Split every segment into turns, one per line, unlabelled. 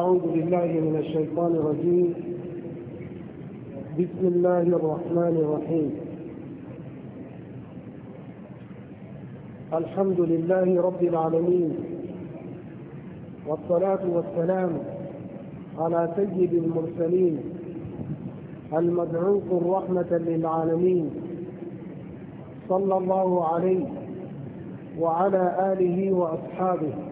أعوذ بالله من الشيطان الرجيم بسم الله الرحمن الرحيم الحمد لله رب العالمين والصلاة والسلام على سيد المرسلين المبعوث رحمة للعالمين صلى الله عليه وعلى آله وأصحابه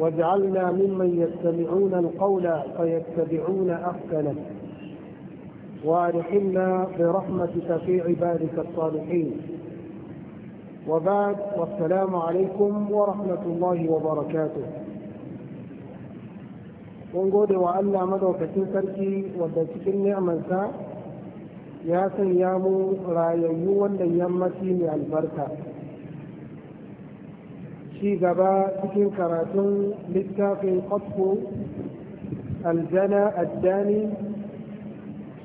واجعلنا ممن يستمعون القول فيتبعون احسنه وارحمنا برحمتك في عبادك الصالحين وبعد والسلام عليكم ورحمه الله وبركاته ونقول وأن wa Allah madaukakin sarki wadda cikin يا ya sanya mu rayayyu يمتي من البركه ci gaba cikin karatun littafin qatfu aljana addani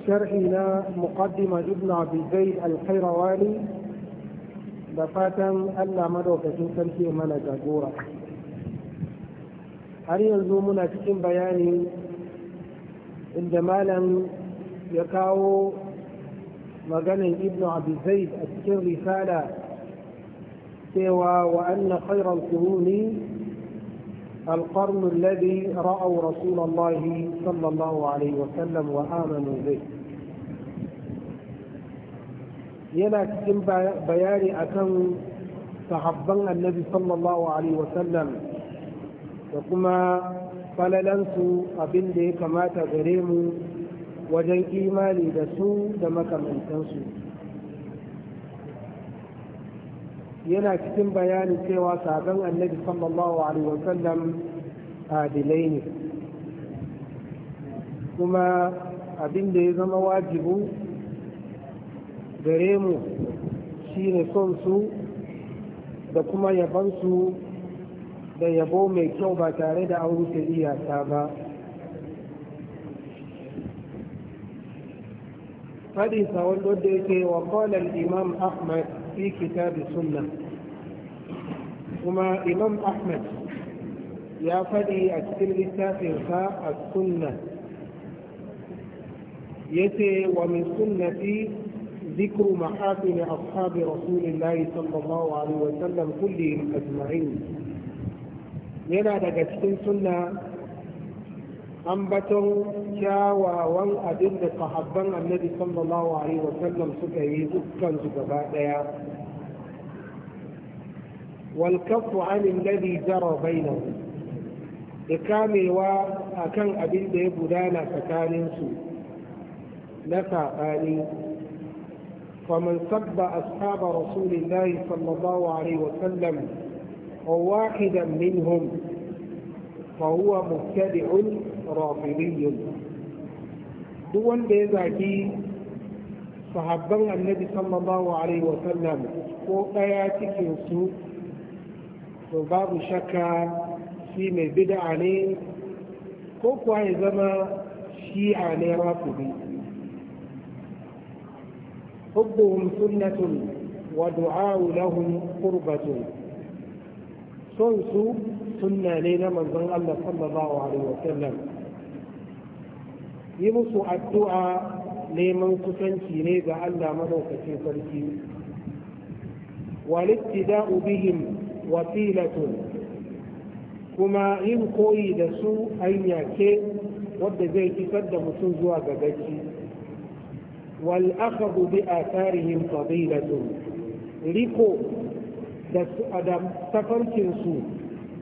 sharhina muqaddima ibn abi zaid al da fatan Allah madaukakin sarki mana jagora har yanzu muna cikin bayani inda malam ya kawo maganin ibn abi zaid a cikin risala سوى وأن خير القرون القرن الذي رأوا رسول الله صلى الله عليه وسلم وآمنوا به يلا كتن بيان اكم صحبا النبي صلى الله عليه وسلم وكما قال فللنس أبنده كما تغريم وجن إيماني دسو دمك من تنسو yana cikin bayanin cewa sabon annabi sallallahu alaihi wasallam adilai ne kuma abin da ya zama wajibu gare mu shi ne son su da kuma yabansu da yabo mai kyau ba tare da an wuce iyaka ba hadisa wanda yake wa qala imam ahmad في كتاب السنة ثم إمام أحمد يا فدي يأخذي أكتلت إرفاء السنة يتي ومن سنة ذكر محافل أصحاب رسول الله صلى الله عليه وسلم كلهم أجمعين ينادى جسد سنة ambaton kyawawan abin da sahabban annabi sallallahu alaihi عليه suka yi dukkansu gaba daya والكف عن الذي جرى بينهم إكاملوا أكن أبن دي بدانا سكاننسو نساقاني فمن سب أصحاب رسول الله صلى الله عليه وسلم أو واحدا منهم فهو مبتدع رافضي دون بيزاكي صحابان النبي صلى الله عليه وسلم وآياتك يسوك وباب شكا فيما بدع عليه وقوى إذا شيعة لرافضي حبهم سنة ودعاء لهم قربة سنسوا سنة لنا من ظن الله صلى الله عليه وسلم yi musu addu'a neman kusanci ne ga Allah madaukakin sarki walittida'u bihim wasilatun kuma yin koyi da su hanya ce wadda zai kisar da mutum zuwa ga gaci wal akhadhu bi atharihim fadilatun riko da tafarkin su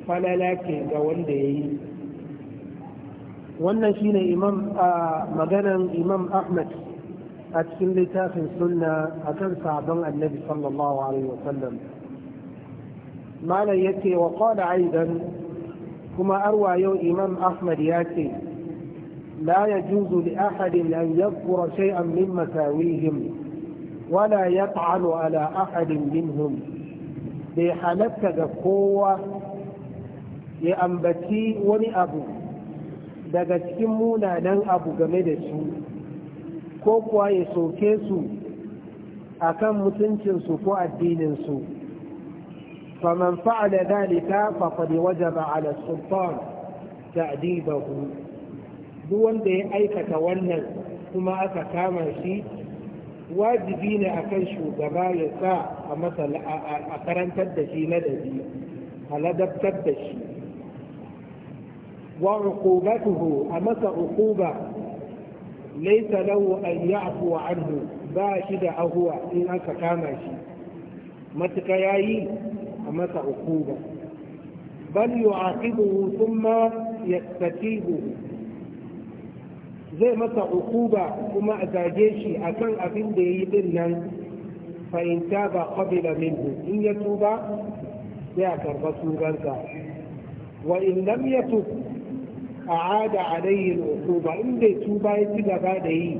falala ke ga wanda yayi wannan shi ne imam a maganan imam ahmad a cikin littafin sunna a kan sabon annabi sallallahu alaihi wasallam malam ya ce wa kwada aidan kuma arwa yau imam ahmad ya ce لا يجوز لأحد أن يذكر شيئا من مساويهم ولا يطعن على أحد منهم بحالتك قوة يأنبتي وني أبو daga cikin munanan abu game da su ko kuwa ya soke su a kan mutuncinsu ko addininsu faman fa'ala dalika ba a ala sultan ta'dibahu ku wanda ya aikata wannan kuma aka kama shi wajibi ne a kan shugaba ya sa a karantar da shi na ladabi a ladabtar da shi وعقوبته أمس عقوبة ليس له أن يعفو عنه باشد أهو إن أنك كاماشي متكياي أمس عقوبة بل يعاقبه ثم يستتيبه zai masa ukuba kuma a zage shi akan abin da ya yi din nan fahimta ba qabila minhu in ya tuba sai a wa in a'ada alayhi al-uquba in bai tuba ya ci gaba da yi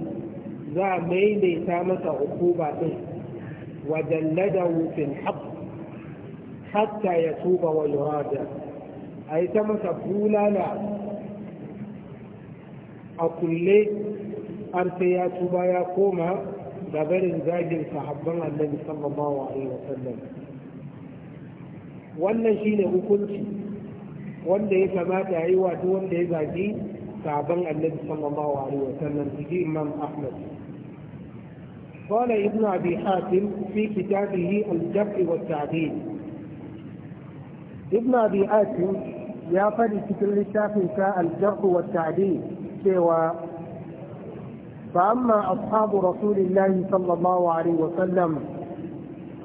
za a maimaita masa uquba din wa dalladahu fil haqq hatta ya tuba wa yurada ai ta masa bulala a kulle har sai ya tuba ya koma da barin zagin sahabban Allah sallallahu alaihi wasallam wannan shine hukunci wanda ya kamata ya yi wato wanda ya zaki sabon annabi sallallahu alaihi wasallam ji imam ahmad قال ابن ابي حاتم في كتابه الجرح والتعديل ابن ابي حاتم يا فدي كتل الجرح والتعديل سوى فأما أصحاب رسول الله صلى الله عليه وسلم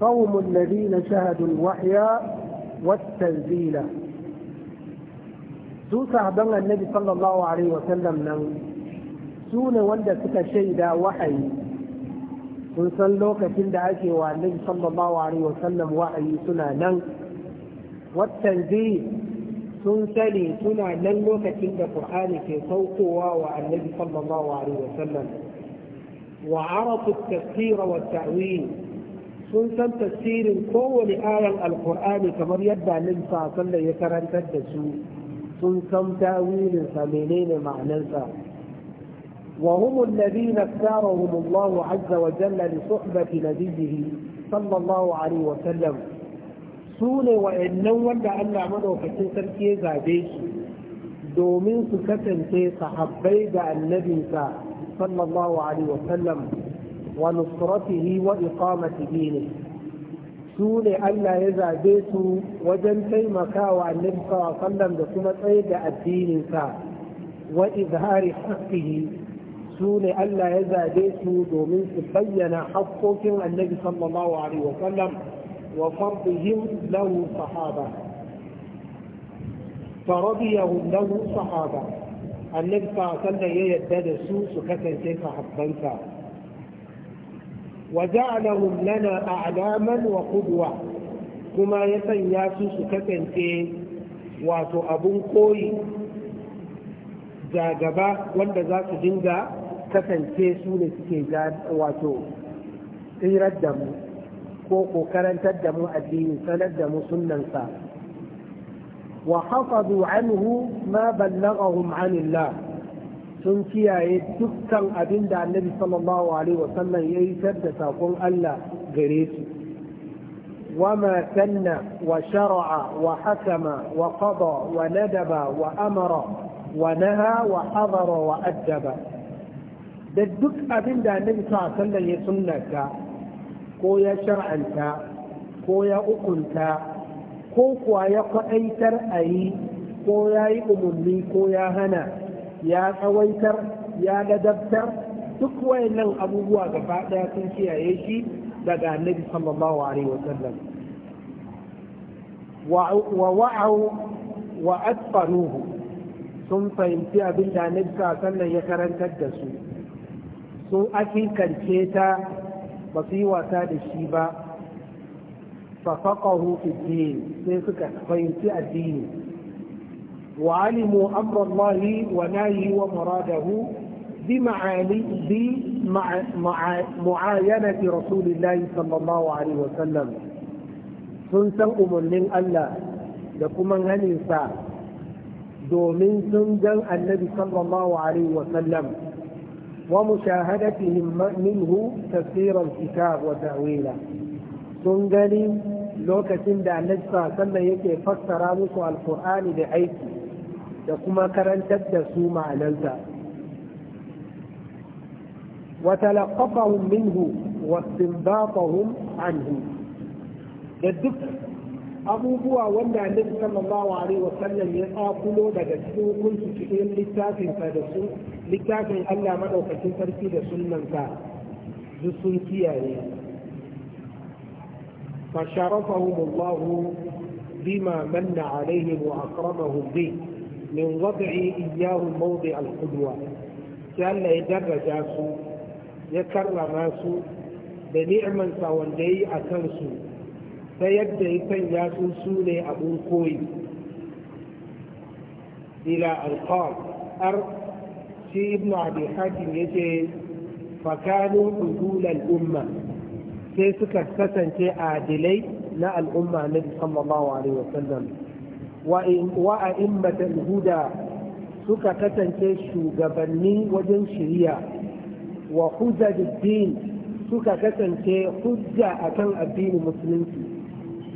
قوم الذين شهدوا الوحي والتنزيل su sahaban annabi sallallahu alaihi sallam nan su ne wanda suka shaida wahayi sun san lokacin da ake wa annabi sallallahu alaihi sallam wahayi suna nan watan sun sani suna nan lokacin da qur'ani ke saukowa wa annabi sallallahu alaihi wasallam wa arafu tafsira wa ta'wil sun san tafsirin kowane ayan alqur'ani kamar yadda annabi sallallahu alaihi wasallam ya karantar da su sun san tawilin sa menene ma'anarsa wa humul ladina tarahumullahu azza wa jalla li suhbati nabiyih sallallahu alaihi wa sallam su ne wa'annan wanda Allah madaukakin sarki ya zabe su domin su kasance sahabai ga annabinsa sallallahu alaihi wa sallam wa nusratihi wa iqamati dinihi su ne Allah ya zabe su wajen taimakawa annabi sallam da kuma tsaye da addininsa wa izhari haqqihi su ne Allah ya zabe su domin su bayyana haƙƙoƙin annabi sallallahu alaihi wa sallam wa fardihim lahu sahaba faradiyahum lahu sahaba annabi sallallahu alaihi wa sallam ya yadda da su su kasance sahabbansa waja'alahum a a'laman wa qudwa kuma ya sanya su su kasance wato abun koyi jagaba wanda za su dinga kasance su ne suke ga wato tsirar da mu ko ko karantar da mu addini sanar da mu sunansa wa hafadu anhu ma ballaghahum anillah sun kiyaye dukkan abin da annabi sallallahu alaihi wasallam ya yi da sakon Allah gare su wa Nadaba wa Amara wa Naha wa ونهى wa وأدب da duk abin da annabi sa sallan ya sunnata ko ya shar'anta ko ya ukunta ko kuwa ya kwaɗaitar a yi ko ya yi umarni ko ya hana ya tsawaitar ya ladabtar duk wayannan abubuwa gaba daya sun kiyaye shi daga annabi sallallahu alaihi wasallam wa wa'au wa atqanuhu sun fahimci abin da annabi sallallahu ya karantar da su sun akikance ta ba su yi wasa da shi ba fa faqahu fi sai suka fahimci addini وعلموا امر الله وناهي ومراده بمعاينه رسول الله صلى الله عليه وسلم سن سن أ م ن من الله لكم ان ننسى سن جن النبي صلى الله عليه وسلم ومشاهدتهم منه تفسير الكتاب وتاويلا سن جن لوكسن دا نجسى سن يكي فسر ا ل ق ر آ ن da kuma karantar da su ma'anarsa wa منه anhu da duk abubuwa wanda annabi sallallahu alaihi wa sallam ya tsakulo daga cikin hukunci cikin littafin sa da su littafin Allah madaukakin sarki da sunnan sa duk sun kiyaye fa sharafahum Allah bima manna alaihim wa akramahum bihi min wada'i iyahu mawdi al-qudwa sai ya daraja su ya karrama su da ni'mansa wanda yayi a kansu ta yadda ya sanya su sune ne abun koyi ila alqal ar shi ibn abi hatim yace fakanu udul al-umma sai suka kasance adilai na al'umma na sallallahu alaihi wasallam wa'immatar huda suka kasance shugabanni wajen shirya. wa din suka kasance hujja akan addinin musulunci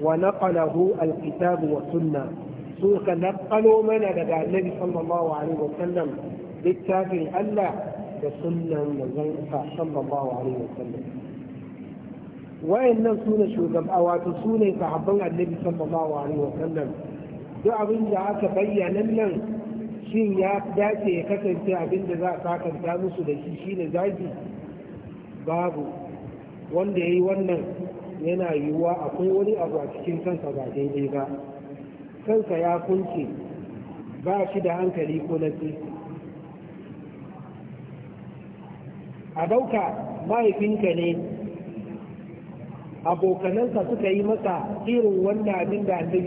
wa naqalahu alkitabu wa sunna suka naqalo mana daga annabi sallallahu alaihi wa sallam littafin Allah da sunnan manzon sallallahu alaihi wa sallam wayannan sune shugaba wato sune sahabban annabi sallallahu alaihi wa sallam duk abin da aka bayyana nan shi ya dace ya kasance abin da za a sakanta musu da shi shi ne zagi babu wanda ya yi wannan yana yiwuwa akwai wani abu a cikin kansa ba daidai ba kansa ya kunce ba shi da hankali ko nafi a dauka mahaifinka ne abokanansa suka yi masa irin wannan abin da annabi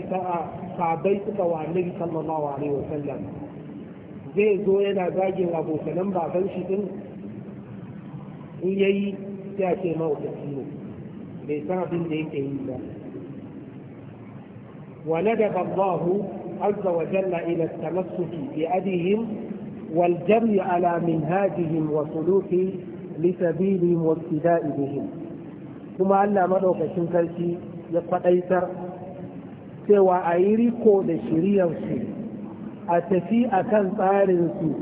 sabai suka wa annabi sallallahu alaihi wa zai zo yana zagin abokanan baban shi din in yayi sai a ce mawukaci ne bai san abin da yake yi ba وندب الله عز وجل إلى التمسك بأبيهم والجري على منهاجهم وسلوك لسبيلهم واقتداء بهم ثم أن مدعوك شنكرشي يقتيسر cewa a yi riko da shiriyarsu a tafi a kan tsarinsu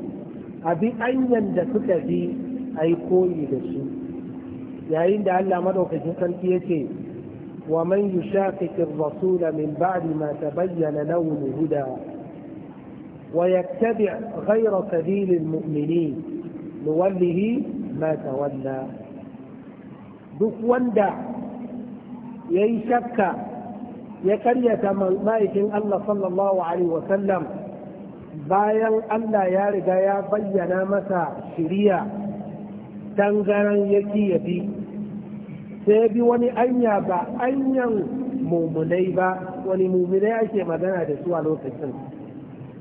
a bi anyan da suka bi a yi koyi da su yayin da Allah maɗaukacin sarki ya ce wa man yi yushaqiqir rasula min ba'di ma ta bayyana al-huda wa yattabi' ghayra sabili mu'mini muminin nuwallihi ma tawalla duk wanda yayi shakka ya karyata ma'aikin Allah sallallahu alaihi wasallam bayan Allah ya riga ya bayyana masa shiriya tangaran yaki ya bi sai bi wani anya ba anyan mummunai ba wani mumunai ake magana da su a lokacin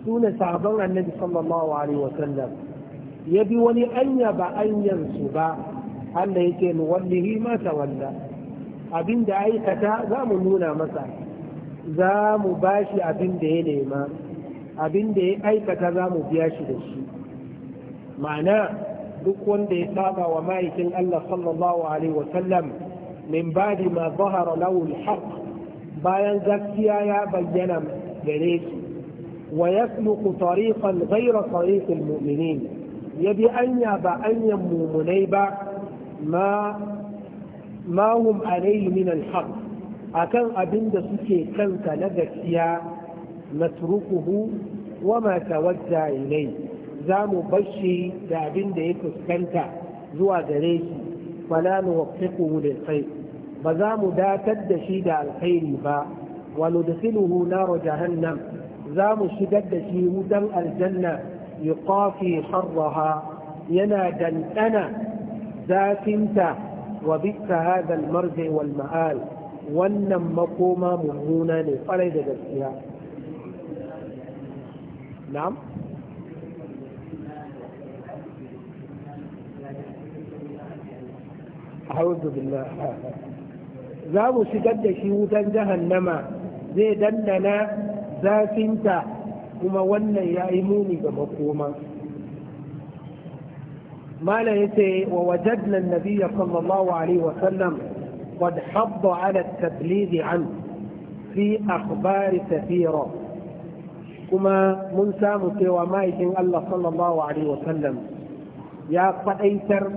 su ne sabon annabi sallallahu alaihi wasallam ya bi wani anya ba anyan su ba Allah yake nuwallihi ma tawalla abinda aikata za mu nuna masa za mu ba shi abin da ya nema abin da ya aikata za mu biya shi da shi ma'ana duk wanda ya saba wa ma'aikin Allah sallallahu alaihi wasallam min badi ma zahara lahu al-haq bayan gaskiya ya bayyana gare shi wa yasluqu tariqan ghayra tariq al-mu'minin yabi anya ba anyan mumunai ba ma ma hum alaihi min al-haq akan abin da suke kansa na gaskiya nasruquhu wa ma tawadda ilai za mu bashi da abin da ya fuskanta zuwa gare shi fala nuwaffiquhu lil khair ba za mu datar da shi da alkhairi ba wa nudkhiluhu nar jahannam za mu shigar da shi wutan aljanna yuqafi harraha yana dandana zafinta wa bitta hadha al wal ma'al wannan makoma mummuna ne kwarai da gaskiya na'am a'udhu billah
za mu shigar da shi
wutan jahannama zai dandana zafinta kuma wannan ya yi muni ga makoma malam sai wa wajadna nabiyya sallallahu alaihi wa sallam قد حض على التبليغ عنه في أخبار كثيرة كما من سامت وما يكن الله صلى الله عليه وسلم يا قأيتر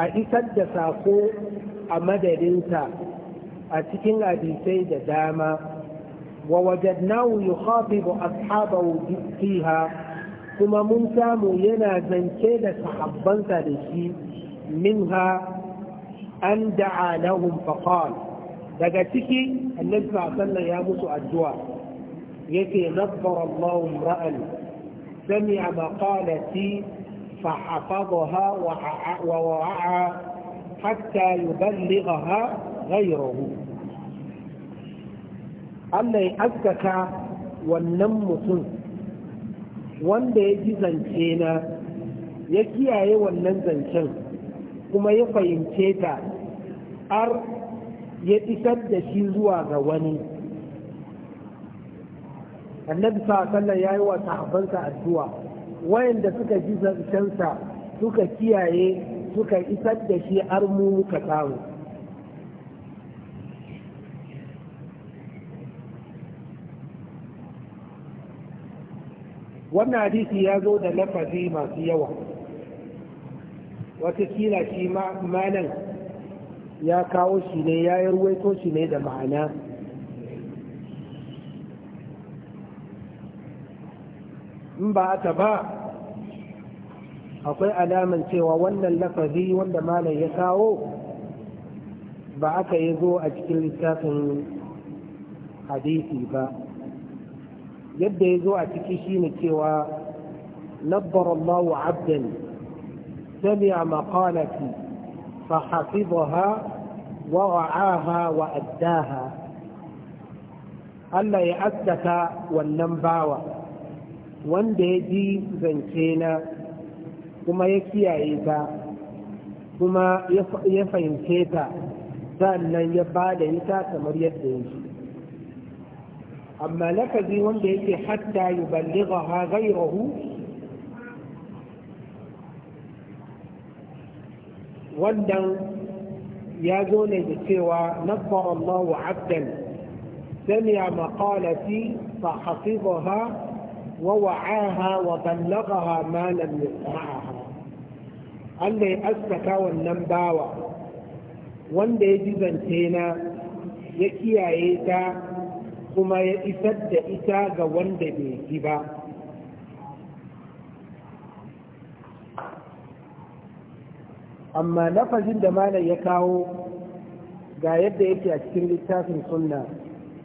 أئسد ساقو أمدد انت أتكن أبي سيد داما ووجدناه يخاطب أصحابه فيها كما من سامو ينا زنكيد صحبانت لشي منها أن دعا لهم فقال دقتكي النبي صلى الله عليه وسلم يا موسى يكي ي نظر الله امرأ م ر أ سمع مقالتي فحفظها ووعى حتى يبلغها غيره ا ل ل ي أ ذ وان ديجي زنشينا يكي ايه والنم زنشينا kuma ya fahimce ta har ya isar da shi zuwa ga wani annabi sallallahu ya yi wa sahabansa addu'a wayanda suka ji zancensa suka kiyaye suka isar da shi har mu muka samu wannan hadisi ya zo da lafazi masu yawa watakila shi malan ya kawo shi ne ya yi ruwaito shi ne da ma'ana in ba ta ba akwai alamar cewa wannan lafazi wanda malam ya kawo ba aka yi zo a cikin littafin hadisi ba yadda ya zo a ciki ne cewa nabbar wa abdani سمع مقالتي فحفظها ورعاها وأداها Allah ya addaka wannan bawa wanda ya ji zance na kuma ya kiyaye ta kuma ya fahimce ta sannan ya ba da ita kamar yadda ya ji amma lakazi wanda yake hatta yi balliga ha gairahu wannan ya zo ne da cewa nabbara Allahu abdan sami'a maqalati fa hafizaha wa wa'aha wa ballaghaha ma lam yasma'aha Allah ya askata wannan bawa wanda ya ji zance na ya kiyaye ta kuma ya isar da ita ga wanda bai ji ba amma lafazin da malam ya kawo ga yadda yake a cikin littafin sunna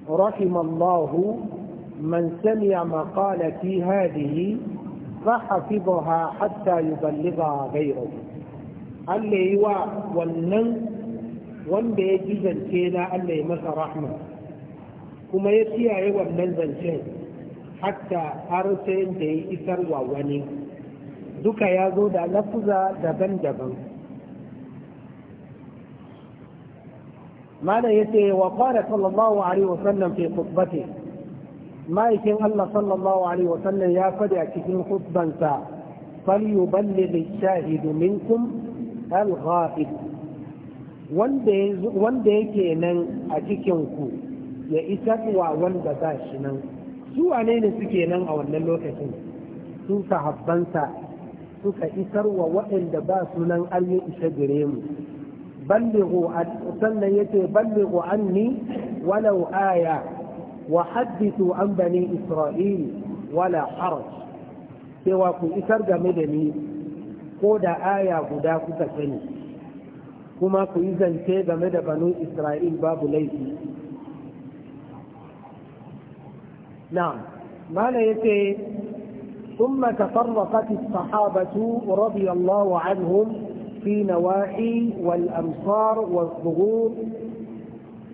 rahimallahu man sami'a maqala fi hadhihi فحفظها حتى يبلغها غيره Allah yi wa wannan wanda ya ji zance na Allah ya masa rahma kuma ya kiyaye wannan zancen hatta har sai da ya isar wa wani duka ya zo da lafuza daban-daban malam yace wa qala sallallahu alaihi wa sallam fi khutbati ma'aikin Allah sallallahu alaihi wa sallam ya fadi a cikin khutbansa falyuballigh ash-shahid minkum al wanda yake nan a cikinku ya isar wa wanda ba shi nan su wane ne suke nan a wannan lokacin su sahabbansa suka isar wa waɗanda ba su nan an yi isa gare mu بلغوا أن سنة يتي بلغوا عني ولو آية وحدثوا عن بني إسرائيل ولا حرج سوى كإسر جمدني قود آية قد أكتفني كما كإذن كي جمد بني إسرائيل باب ليس نعم ما لا يتي ثم تفرقت الصحابة رضي الله عنهم في نواحي والأمصار والضغور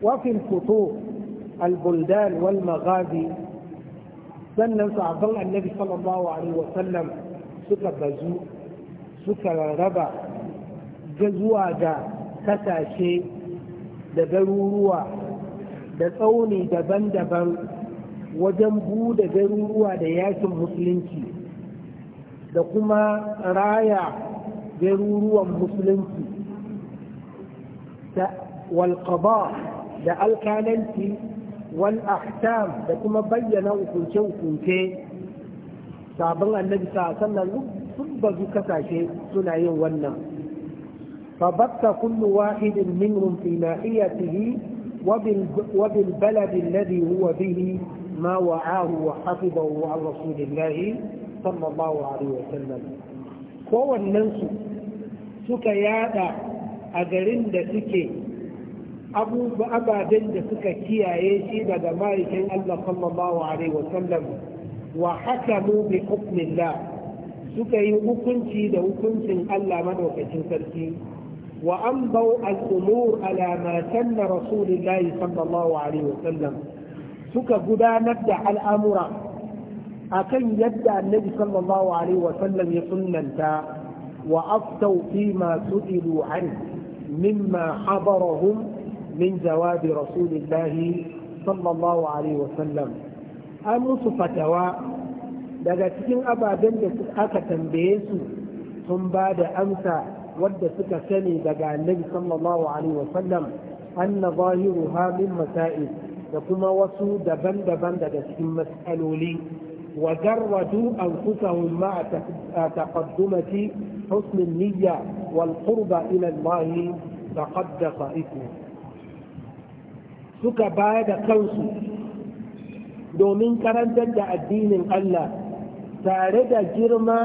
وفي الفطور البلدان والمغازي سنة ننسى عبد الله النبي صلى الله عليه وسلم سكر بزو سكر ربع جزوة دا كتاشي دا بروروة دا ثوني دا بندبن وجنبو دا بروروة دا ياسم مسلمتي da kuma raya garuruwan musulunci da walƙaba da alkalanci wal ahkam da kuma bayyana hukunce-hukunce sabon annabi sa sannan sun bazu kasashe suna yin wannan فبث كل واحد منهم في ناحيته وبالبلد الذي هو به ما وعاه وحفظه عن رسول الله صلى الله عليه وسلم kowannensu suka yada a garin da suke ababen da suka kiyaye shi daga ma'aikin Allah sallallahu alaihi wasallam wa hakamu bi hukmillah suka yi hukunci da hukuncin Allah madaukakin sarki wa an bau al'umur alamatan na rasulullahi sallallahu alaihi wasallam suka gudanar da al'amura akan yadda annabi sallallahu alaihi wa sallam ya sunnanta wa aftau fi ma su'ilu an mimma habarahum min jawabi rasulillahi sallallahu alaihi wa sallam an musu fatawa daga cikin ababen da aka tambaye su sun ba da amsa wadda suka sani daga annabi sallallahu alaihi wa sallam anna zahiruha min masail da kuma wasu daban-daban daga cikin mas'aloli وجردوا انفسهم مع تقدمة حسن النية والقرب إلى الله فقد خائفوا. سكا بعد كوس دومين كرم جد الدين قلا تارد جرما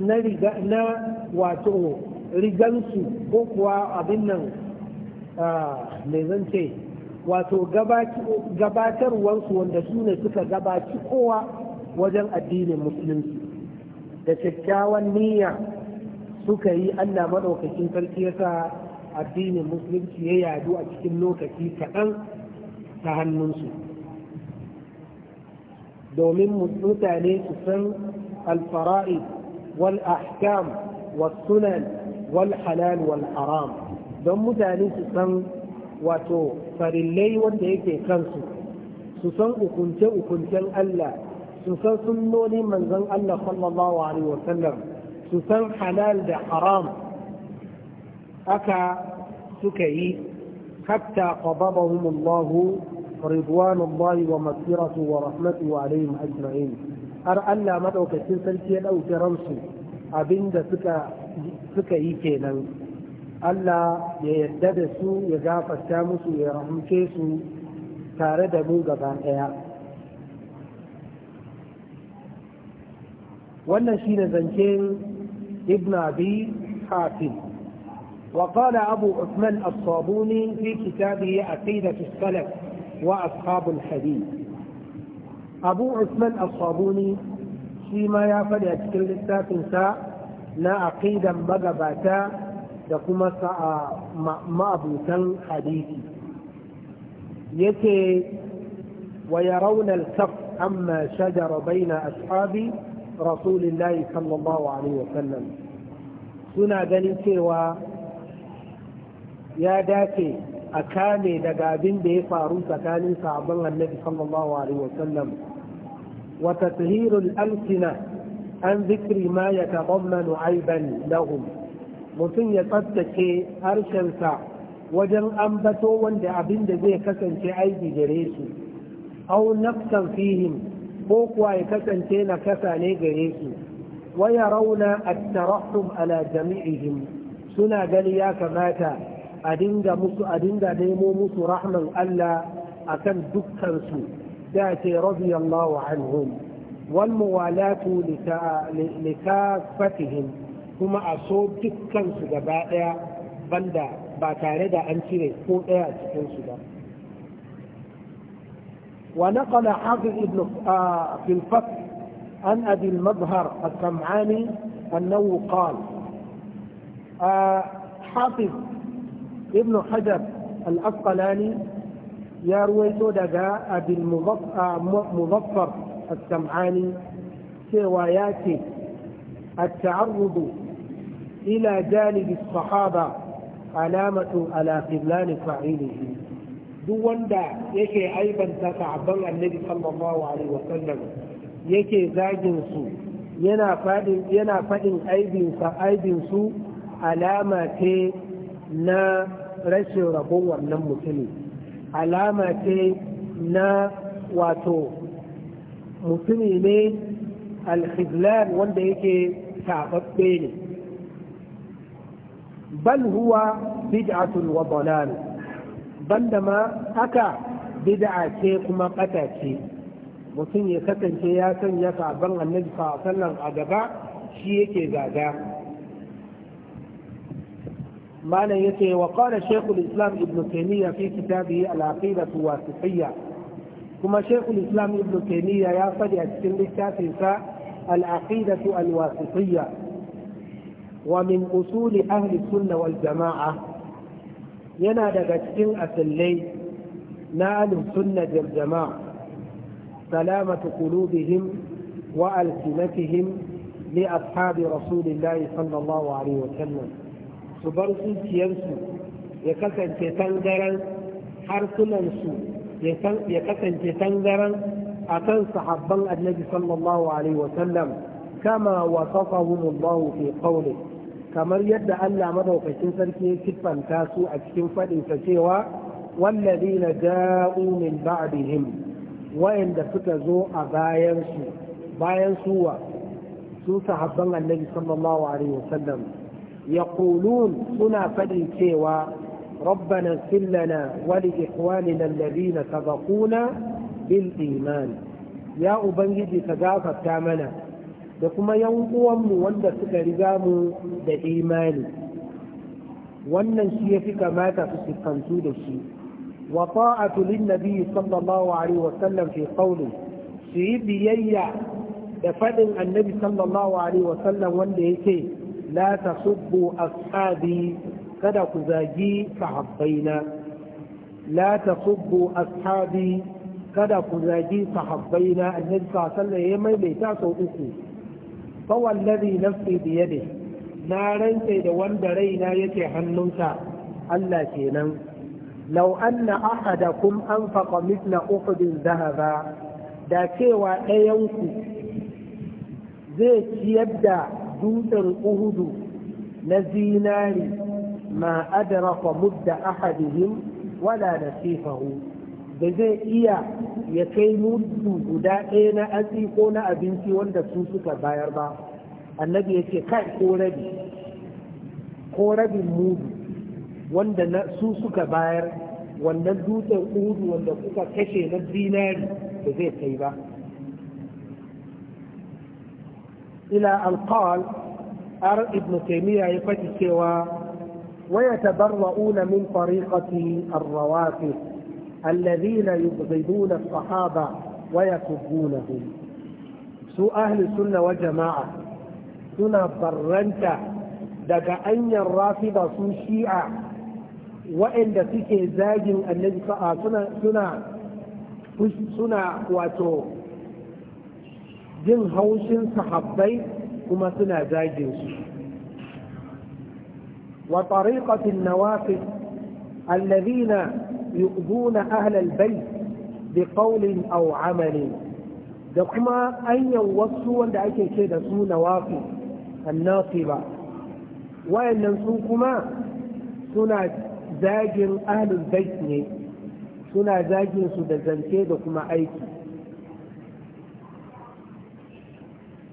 نرجعنا واتوه رجنس بقوى أبنا آه واتو جبات جبات وندسون سكا جبات قوى wajen addinin musulunci da kyakkyawan niyya suka yi allah maɗaukakin sarki ya sa addinin musulunci ya yadu a cikin lokaci kaɗan ta hannunsu domin mutane su san alfara'i wal ahkam wal sunan wal halal wal haram don mutane su san wato farillai wanda yake kansu su san ukunce-ukuncen Allah su san sunnoni manzon Allah sallallahu alaihi wasallam su san halal da haram aka suka yi hatta qabadahum Allah wa الله ومغفرته ورحمته عليهم اجمعين har Allah madaukakin sarki ya ɗauke ransu abinda suka suka yi kenan Allah ya yarda da su ya gafarta musu ya rahmce su tare da mu gaba ɗaya wannan shine zancen ibn abi hatim وقال أبو عثمان الصابوني في كتابه عقيدة السلف وأصحاب الحديث أبو عثمان الصابوني فيما يفعل أشكال للساكن ساء لا عقيدا مغباتا لكما ساء مأبوتا حديثي يتي ويرون الكف عما شجر بين أصحابي رسول الله صلى الله عليه وسلم سنة دنيتي و يا داتي أكامي دقابين بي فاروس أكامي صعب الله النبي صلى الله عليه وسلم وتطهير الألسنة عن ذكر ما يتضمن عيبا لهم mutum ya tsabtace harshensa wajen ambato wanda abin da zai kasance aiki gare جريسي او nafsan فيهم ko kuwa ya kasance na kasa ne gare su waya rauna a tarahum ala jami'ihim suna gani ya kamata a dinga musu a dinga nemo musu rahman Allah akan dukkansu da ce radiyallahu anhum wal muwalatu likafatihim kuma a so dukkansu gaba daya banda ba tare da an cire ko daya cikin su ba ونقل حافظ ابن آه، في الفتح عن ابي المظهر السمعاني انه قال آه، حافظ ابن حجر الاسقلاني يا رويتو ابي المظفر آه، السمعاني روايات التعرض الى جانب الصحابه علامه على خذلان فاعله duk wanda yake aibanta sahabban annabi sallallahu alaihi wasallam yake zagin su yana fadin yana fadin aibin sa aibin su alama ce na rashin rabon wannan mutumi alama ce na wato mutumi ne alkhizlan wanda yake tababbe ne bal huwa bid'atun wa dalal banda ma haka bid'a ce kuma kata ce mutum ya kasance ya sanya sabon annabi sallallahu a gaba shi yake gaga malam yace wa qala shaykhul islam ibn taymiyyah fi kitabihi al-aqidah wasifiyya kuma shaykhul islam ibn taymiyyah ya fadi a cikin littafin sa al-aqidah al min ومن ahli أهل wal والجماعة yana daga cikin asillai na alin jama'a salamatu qulubihim wa alsinatihim li ashabi rasulillahi sallallahu alaihi wa sallam su bar zuciyarsu ya kasance tangaran harsunansu ya kasance tangaran akan sahabban annabi sallallahu alaihi wa sallam kama wasafahum Allah fi qawlihi kamar yadda Allah madaukakin sarki ya siffanta su a cikin faɗinsa cewa wallazina ja'u min ba'dihim wayanda suka zo a bayan su bayan suwa su sahabban annabi sallallahu alaihi wasallam yaqulun suna faɗin cewa ربنا اغفر لنا ولإخواننا الذين سبقونا بالإيمان يا أبنجي تجافت mana. da kuma yan uwanmu wanda suka riga mu da imani wannan shi ya fi kamata su sifantu da shi wa ta'atu lin nabi sallallahu alaihi wa sallam fi qawli su yi biyayya da fadin annabi sallallahu alaihi wa sallam wanda yake la tasubbu ashabi kada ku zagi sahabbaina la tasubbu ashabi kada ku zagi sahabbaina annabi sallallahu alaihi wa sallam ya maimaita sau uku fawallazi nafsi biyade na rantse da wanda raina yake hannunsa Allah kenan law anna ahadakum anfaqa mithla uhudin zahaba da cewa ɗayanku zai ciyar da dutsen uhudu na zinari ma adraka mudda ahadihim wala nasifahu da zai iya ya kai mudu guda ɗaya na hatsi ko na abinci wanda su suka bayar ba annabi ya ce kai ko rabi ko rabin mudu wanda su suka bayar wannan dutsen udu wanda kuka kashe na zinari da zai kai ba ila alqal ar ibn taymiya ya faɗi cewa wa yatabarra'una min tariqati ar-rawatib الذين يبغضون الصحابة ويكبونهم سو أهل السنه والجماعه سنة برنتا دقا أن الرافضة سو شيعة وإن دفك زاج الذي فأى سنة سنة سنة واتو جن هوش صحابي كما سنة زاج وطريقة النوافذ الذين yu'zuna ahlal bai bi qawlin aw amalin da kuma anyan wasu wanda ake ce da su nawafi ba wayannan su kuma suna zagin ahlul bait ne suna zagin su da zance da kuma aiki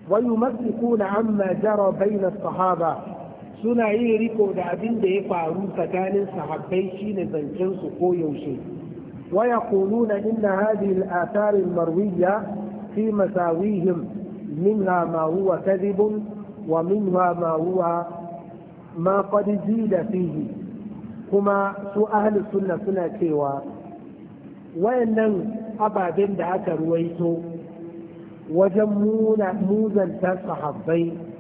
ويمسكون عما جرى بين sahaba suna yin riko da abin da ya faru tsakanin sahabbai shine zancen su ko yaushe wa yaquluna inna hadhihi al-athar al-marwiyya fi masawihim minha ma huwa kadhib wa minha ma huwa ma qad zida fihi kuma su ahli sunna suna cewa wayannan ababin da aka ruwaito wajen muna muzanta sahabbai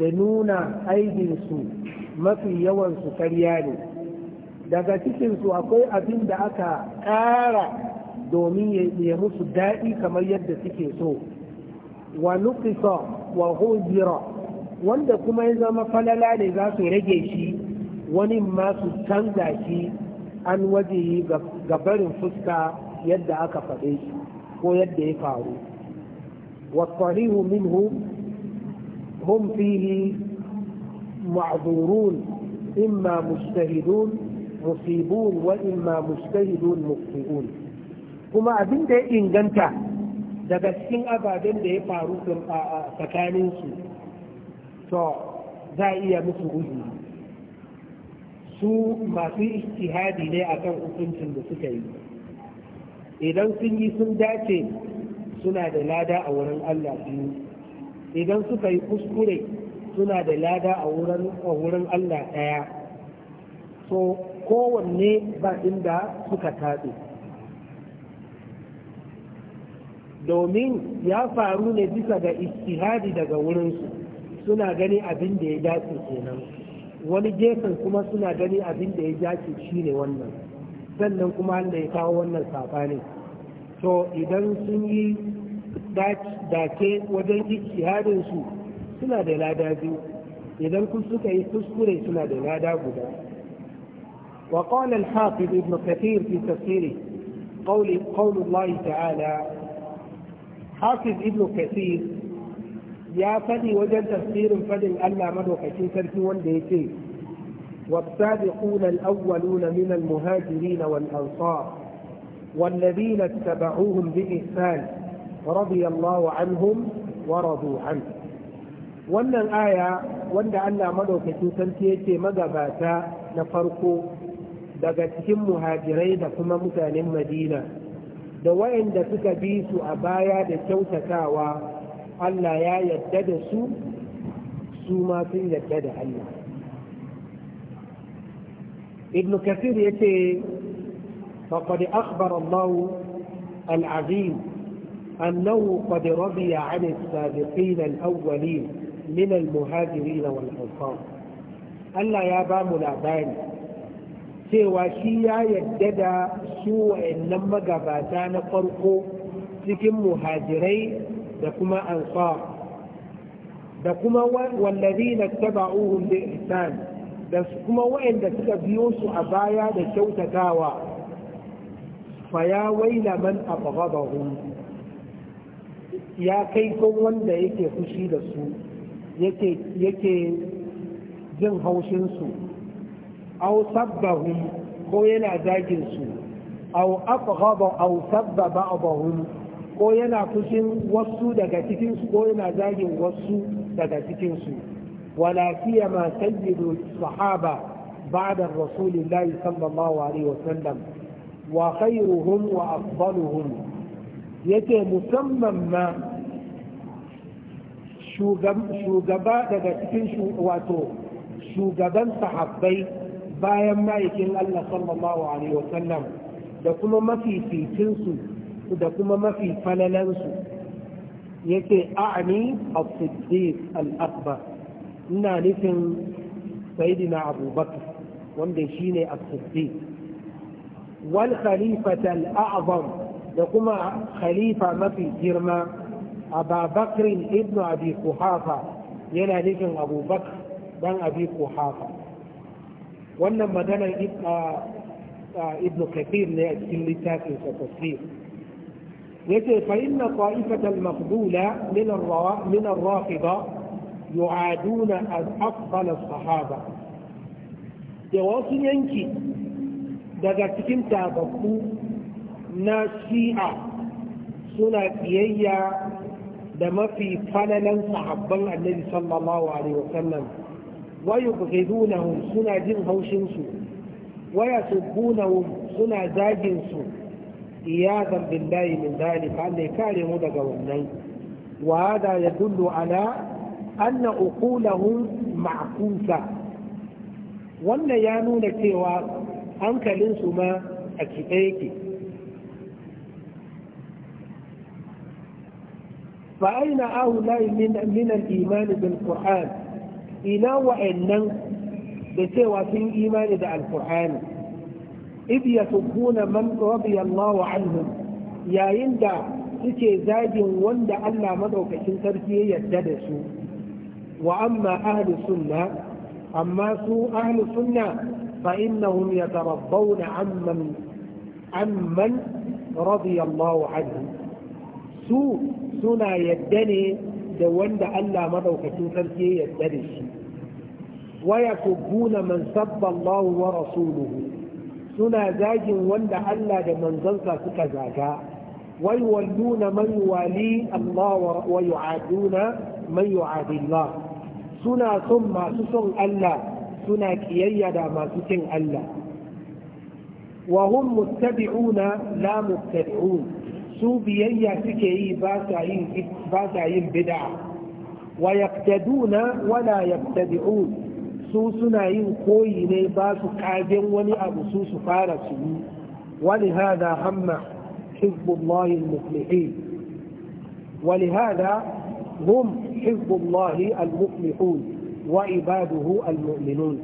da nuna aibinsu mafi yawansu karya ne daga cikinsu akwai abin da aka ƙara domin ya musu daɗi kamar yadda suke so wa nukisa wa hujira wanda kuma ya zama falala ne za su rage shi wani ma su canza shi an waje ga barin fuska yadda aka faɗe shi ko yadda ya faru wa minhu هم فيه معذورون إما مجتهدون مصيبون وإما مجتهدون مخطئون كما أبين ده إنجنتا daga cikin ababen da ya faru tsakaninsu to za a iya musu uzuri su masu istihadi ne akan hukuncin da suka yi idan sun yi sun dace suna da lada a wurin Allah biyu idan suka yi kuskure suna da lada a wurin Allah ɗaya so kowanne ba inda suka tatsi domin ya faru ne bisa ga istihadi daga wurinsu suna gani abin da ya dace kenan wani gefen kuma suna gani abin da ya dace shi ne wannan sannan kuma da ya kawo wannan ne to idan sun yi dace wajen su suna da lada biyu idan إذا كنت yi kuskure suna da lada وقال الحافظ ابن كثير في تفسيره قول قول الله تعالى حافظ ابن كثير يا فدي وجد تفسير فدي الله مدو كثير تركي ونديتي والسابقون الأولون من المهاجرين والأنصار والذين اتبعوهم بإحسان رضي الله عنهم ورضوا عنه wannan aya wanda Allah madaukaki santi yake magabata na farko daga cikin muhajirai da kuma mutanen Madina da wayanda suka bi su a baya da kyautatawa Allah ya yadda da su su ma sun yadda da Allah ibn kasir yace faqad akhbara Allah al-azim أنه قد رضي عن السابقين الأولين من المهاجرين والأنصار Allah ya bamu labari cewa shi ya yadda da su wa'annan magabata na farko cikin muhajirai da kuma ansar da kuma wallazi na taba'uhum bi ihsan da kuma wa'anda suka biyo su a baya da kyautatawa fa ya waila man abghadahum ya kai ko wanda yake fushi da su yake jin haushinsu au sabbahum ko yana zagin su au afghaba au sabba ba'dahum ko yana fushin wasu daga cikin su ko yana zagin wasu daga cikin su wala siyama sayyidu sahaba ba'da rasulillahi sallallahu alaihi wasallam wa Sallam. wa afdaluhum yake musamman ma shugaba daga cikin wato shugaban sahabbai bayan ma'aikin Allah sallallahu alaihi wasallam da kuma fitinsu da kuma mafi falalansu yake a'ani as-siddiq al ina nufin saidina abubakar wanda shine as wal khalifatal al da kuma khalifa mafi girma ababakr ibn abi kuhafa yana nufin abubakar dan abi kuhafa wannan maganar ibn kafir ne a cikin littafin sa tafsir yace fa inna qa'ifatal maqbula min ar-rawa min ar-rafida yu'aduna al-afdal as-sahaba ya wasu yanki daga cikin tabakku na shi'a suna biyayya da mafi falalan sahabban annabi sallallahu alaihi sallam wayu bugidunahum suna jin haushin su waya subunahum suna zagin su iyadan billahi min zalika Allah ya kare mu daga wannan wa hada yadullu ala anna uqulahum ma'kusa wannan ya nuna cewa hankalin su ma a kike yake فأين أ من, من ا ل إ ي بسوى في الإيمان ل إ ي م من رضي الله عنهم يا يندى سكي زاد وندى الا مدعو كشن تركي يدرسوا وأما أهل السنة أما سوء اهل السنة فإنهم س عن من, ف إ رضي الله عنهم su suna yadda ne da wanda Allah maɗaukacin sarki yadda da shi waya kubbuna man sabballahu wa rasuluhu suna zagin wanda Allah da manzansa suka zaga wai walluna man yuwali Allah wa yu'aduna man yu'adi suna son masu son Allah suna kiyayya da masu kin Allah wa hum muttabi'una la muttabi'un su biyayya suke yi ba sa yin bid'a wa yaqtaduna wala yaqtadi'un su suna yin koyi ne ba su kagen wani abu su su fara su yi ولهذا هم حزب الله المفلحين ولهذا هم حزب الله المفلحون وعباده المؤمنون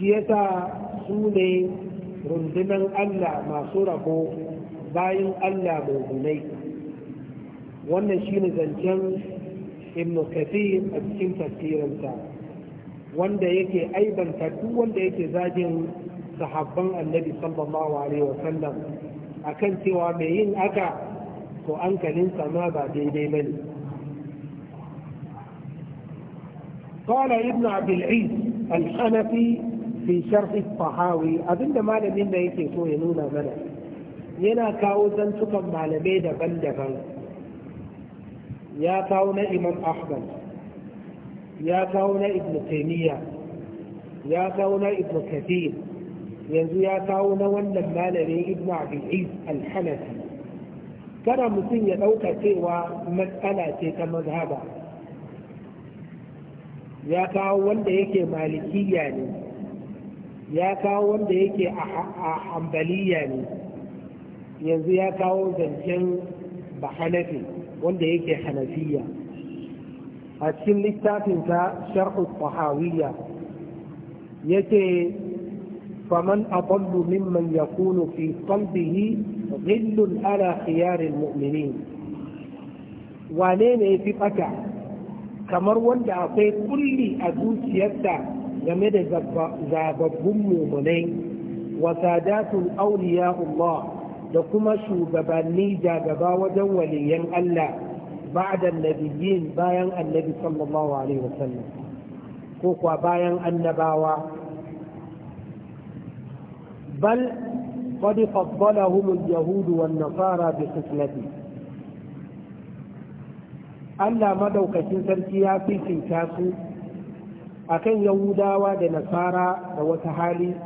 شيتا سوني رندنا الله ما صرفوا bayan Allah mawzunai wannan shine zancen ibn kathir a cikin tafsirinsa wanda yake aibanta duk wanda yake zagin sahabban annabi sallallahu alaihi wasallam akan cewa mai yin aka to ankalinsa ma ba daidai bane قال al- عبد العيد الحنفي في شرح الطحاوي أبن ما لم so ya nuna mana. yana kawo zantukan malamai daban-daban ya kawo na imam ahmad ya kawo na ibn taymiya ya kawo na ibn kathir yanzu ya kawo na wannan malamin ibn abdul al-hanafi kada mutum ya ɗauka cewa matsala ce ta mazhaba ya kawo wanda yake malikiya ne ya kawo wanda yake a hambaliya ne yanzu ya kawo zancen bahanafi wanda yake hanafiya a cikin littafinsa sharhu ya yake faman adallu mimman yakunu fi qalbihi ghillun ala khiyaril mu'minin wane ne fi ɓata kamar wanda akwai kulli a zuciyarsa game da zababbun mummunai wa sadatul awliya Allah da kuma shugabanni jagaba wajen waliyan Allah ba'da nabiyyin bayan annabi sallallahu alaihi wasallam ko kuwa bayan annabawa bal qad faddalahum al-yahud wan nasara bi khislati Allah madaukakin sarki ya fitinta su akan yahudawa da nasara da wata hali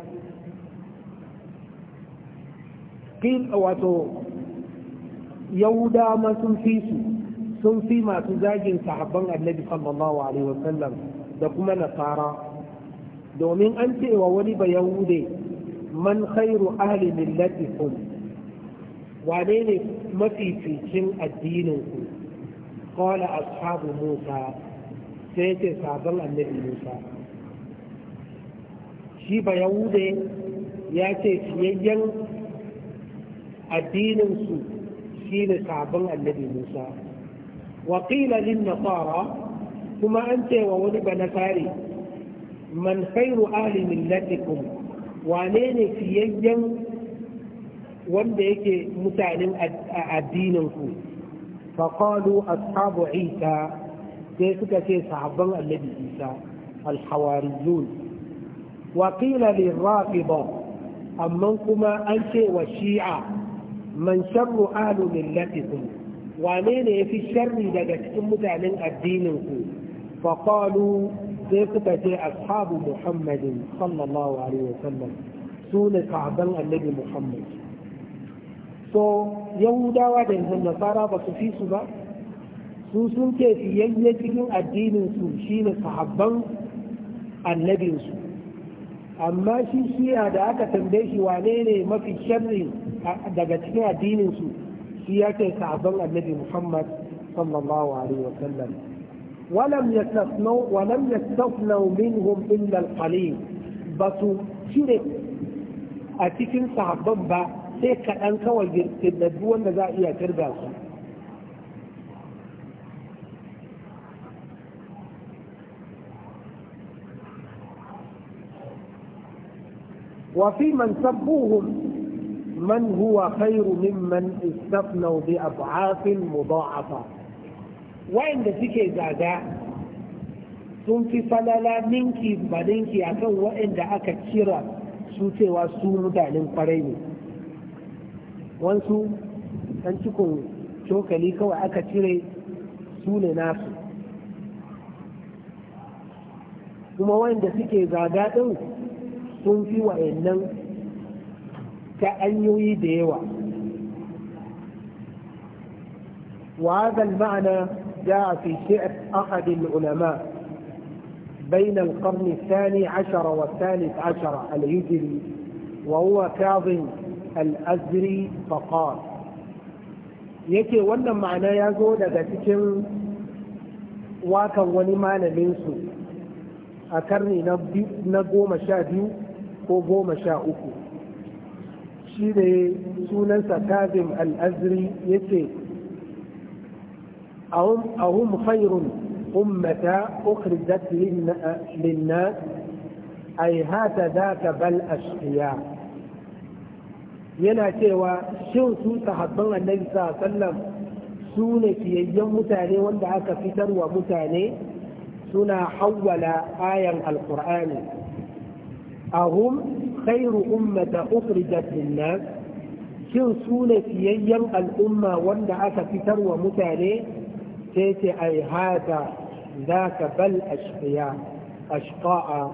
kin wato yahuda ma sun fi su sun fi masu zagin sahabban annabi sallallahu alaihi wasallam da kuma nasara domin an ce wa wani ba yahude man khairu ahli millatikum wane ne mafificin addinin ku qala ashabu musa sai ce sabon annabi musa shi ba yahude ya ce fiyayyen addininsu shi ne sabon annabi musa waƙila lin nasara kuma an ce wa wani banasari man khairu ahli millatikum wane ne fiyayyen wanda yake mutanen addininku faƙalu ashabu isa sai suka ce sahabban annabi isa alhawariyun waƙila lirrafida amma kuma an ce wa shi'a man sharru ahlu millatikum wane ne yafi sharri daga cikin mutanen addinin ku fa qalu sai suka ce ashabu muhammadin sallallahu alaihi wa sallam. ne sahabban annabi muhammad so yahudawa da nasara ba su fi su ba su sun ce fiyayye cikin addinin su shine sahabban annabinsu amma shi shi'a da aka tambaye shi wane ne mafi sharri daga cikin addinin su shi ya ce sahabban annabi muhammad sallallahu alaihi wa sallam ولم يستثنوا ولم يستثنوا منهم الا القليل بس شرك اتكن صحابا با sai kaɗan kawai da wanda za a iya kirga وفي من سبوهم من هو خير ممن استثنوا بأضعاف مضاعفة وإن تكي زادا sun fi falala ninki ba ninki a kan waɗanda aka kira su cewa su mutanen kwarai ne wansu ɗan cikin cokali kawai aka cire su ne nasu kuma waɗanda suke zaga ɗin sun fi wa'annan ta hanyoyi da yawa وهذا المعنى جاء في شعر أحد العلماء بين القرن الثاني عشر والثالث عشر الهجري وهو كاظم الأزري فقال yake wannan ma'ana ya zo daga cikin wakan wani malaminsu a karni na goma sha biyu ko goma sha uku shi ne sunansa kazim al'azri ya ce ahum khairun ummata ukhrijat linnas ai hata zaka bal ashqiya yana cewa shin su sahabban annabi sallallahu su ne fiyayyen mutane wanda aka fitarwa mutane suna hawwala ayan alkur'ani. ahum khairu ummata ukhrijat lin-nas shin su ne fiyayyen al'umma wanda aka fitar wa mutane sai ce ai hada zaka bal ashqiya ashqa'a